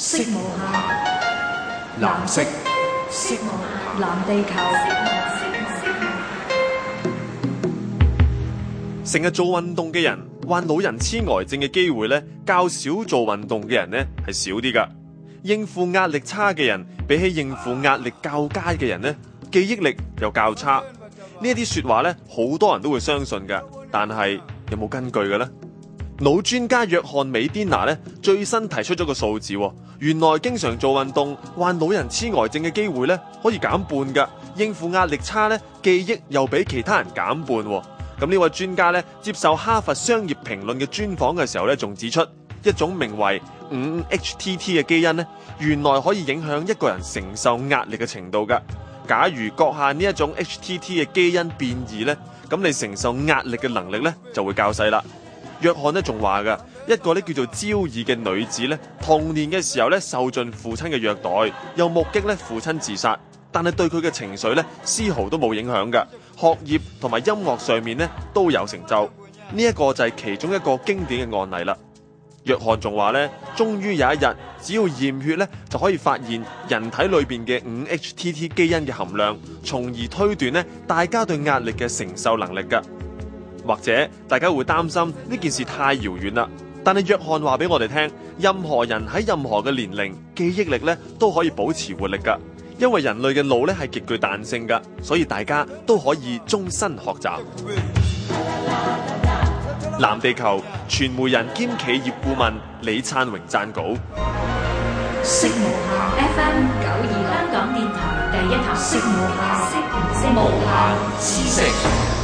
色無暇，藍色，色無暇，藍地球。成日做運動嘅人患老人痴呆症嘅機會咧，較少做運動嘅人咧係少啲噶。應付壓力差嘅人，比起應付壓力較佳嘅人咧，記憶力又較差。呢一啲說話咧，好多人都會相信噶，但係有冇根據嘅咧？老專家約翰美迪娜咧，最新提出咗個數字，原來經常做運動患老人痴呆症嘅機會咧，可以減半㗎。應付壓力差咧，記憶又比其他人減半。咁呢位專家咧接受哈佛商業評論嘅專訪嘅時候咧，仲指出一種名為五 H T T 嘅基因咧，原來可以影響一個人承受壓力嘅程度㗎。假如閣下呢一種 H T T 嘅基因變異咧，咁你承受壓力嘅能力咧就會較細啦。約翰仲話噶，一個叫做焦耳嘅女子，童年嘅時候受盡父親嘅虐待，又目擊父親自殺，但係對佢嘅情緒呢，絲毫都冇影響噶，學業同埋音樂上面呢，都有成就，呢、這、一個就係其中一個經典嘅案例啦。約翰仲話呢，終於有一日，只要驗血呢，就可以發現人體裏邊嘅五 H T T 基因嘅含量，從而推斷大家對壓力嘅承受能力噶。或者大家會擔心呢件事太遙遠啦，但係約翰話俾我哋聽，任何人喺任何嘅年齡，記憶力咧都可以保持活力噶，因為人類嘅腦咧係極具彈性噶，所以大家都可以終身學習。藍地球傳媒人兼企業顧問李燦榮撰稿。識無限 FM 九二六香港電台第一台識無限識無限知識。